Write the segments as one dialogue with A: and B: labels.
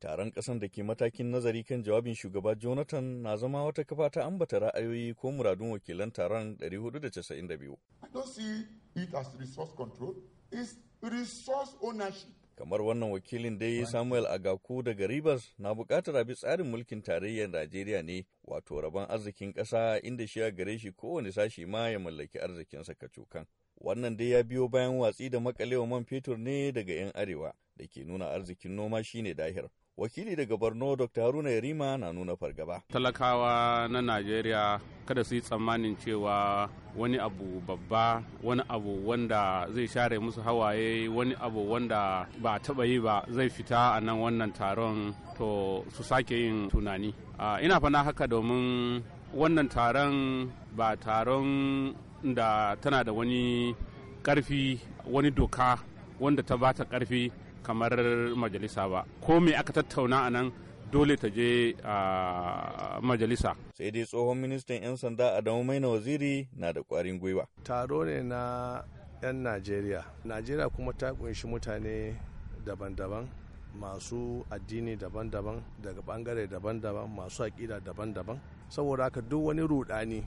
A: taron ƙasan da ke matakin nazari kan jawabin shugaba jonathan na zama wata kafa ta ambata ra'ayoyi ko muradun wakilan taron 492 kamar wannan wakilin dai samuel agaku daga ribas na buƙatar abin tsarin mulkin tarayyar najeriya ne wato rabon arzikin ƙasa inda shi a gare shi kowane sashi ma ya mallaki arzikinsa kacokan wannan dai ya biyo bayan watsi da makalewa man fetur ne daga 'yan arewa da ke nuna arzikin noma shine dahir wakili daga borno dr haruna yarima na nuna fargaba
B: talakawa na najeriya kada su yi tsammanin cewa wani abu babba wani abu wanda zai share musu hawaye wani abu wanda ba taba yi ba zai fita a nan wannan taron to su sake yin tunani ina fana haka domin wannan taron ba taron da tana da wani karfi wani doka wanda ta bata karfi kamar majalisa ba ko me aka tattauna a nan dole ta je a majalisa. Sai dai tsohon ministan
A: 'yan sanda Adamu Maina Waziri na da kwarin gwiwa. Taro ne na 'yan Najeriya.
C: Najeriya kuma ta kunshi mutane daban-daban masu addini daban-daban daga bangare daban-daban masu aƙida daban-daban. Saboda haka duk wani rudani,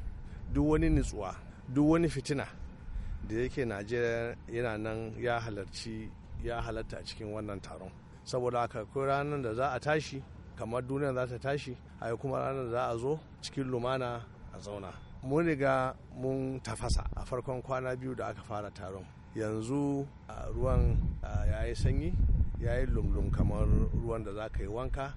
C: duk wani nutsuwa, duk wani fitina da yake Najeriya yana nan ya halarci ya halatta a cikin wannan taron saboda haka ko ranar da za a tashi kamar duniya za ta tashi a kuma ranar da za a zo cikin lumana a zauna mun riga mun tafasa a farkon kwana biyu da aka fara taron yanzu ruwan ya yi sanyi ya yi lumlum kamar ruwan da za ka yi wanka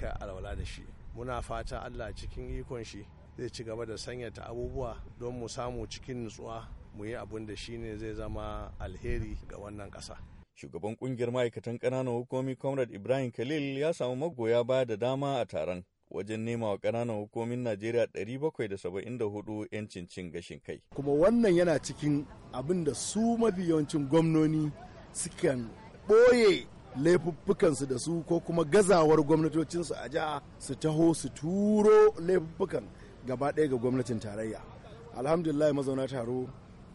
C: ka alwala da shi muna fata allah cikin ikon shi zai ci gaba da sanyata abubuwa don mu samu cikin nutsuwa mu yi abin da ne zai zama
A: alheri ga wannan ƙasa. Shugaban kungiyar ma'aikatan ƙananan hukumomi Comrade Ibrahim Khalil ya samu magoya baya da dama a taron wajen nema wa ƙananan hukumomin Najeriya 774 'yancin cin gashin kai.
D: Kuma wannan yana cikin abin da su mafi yawancin gwamnoni sukan ɓoye laifuffukansu da su ko kuma gazawar gwamnatocinsu a jiha su taho su turo laifuffukan gaba ɗaya ga gwamnatin tarayya alhamdulillah mazauna taro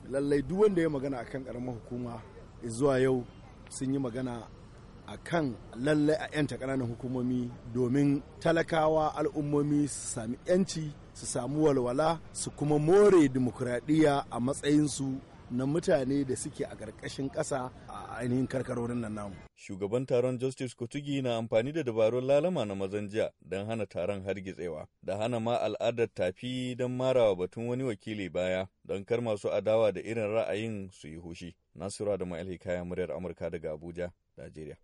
D: lallai duk wanda ya magana akan karamar hukuma zuwa yau sun yi magana a kan lallai a 'yanta ƙananan hukumomi domin talakawa al'ummomi su sami 'yanci su samu walwala su kuma more dimokuraɗiyya a matsayinsu na mutane da suke a
A: ƙarƙashin ƙasa a ainihin karkarorin nan namu. Shugaban taron Justice kutugi na amfani da dabarun lalama na mazan jiya don hana taron hargitsewa, da hana ma al'adar tafi don marawa batun wani wakili baya don kar masu adawa da irin ra'ayin su yi hushi. Nasura da Ma'alhi Kaya Muryar Amurka daga Abuja, Najeriya.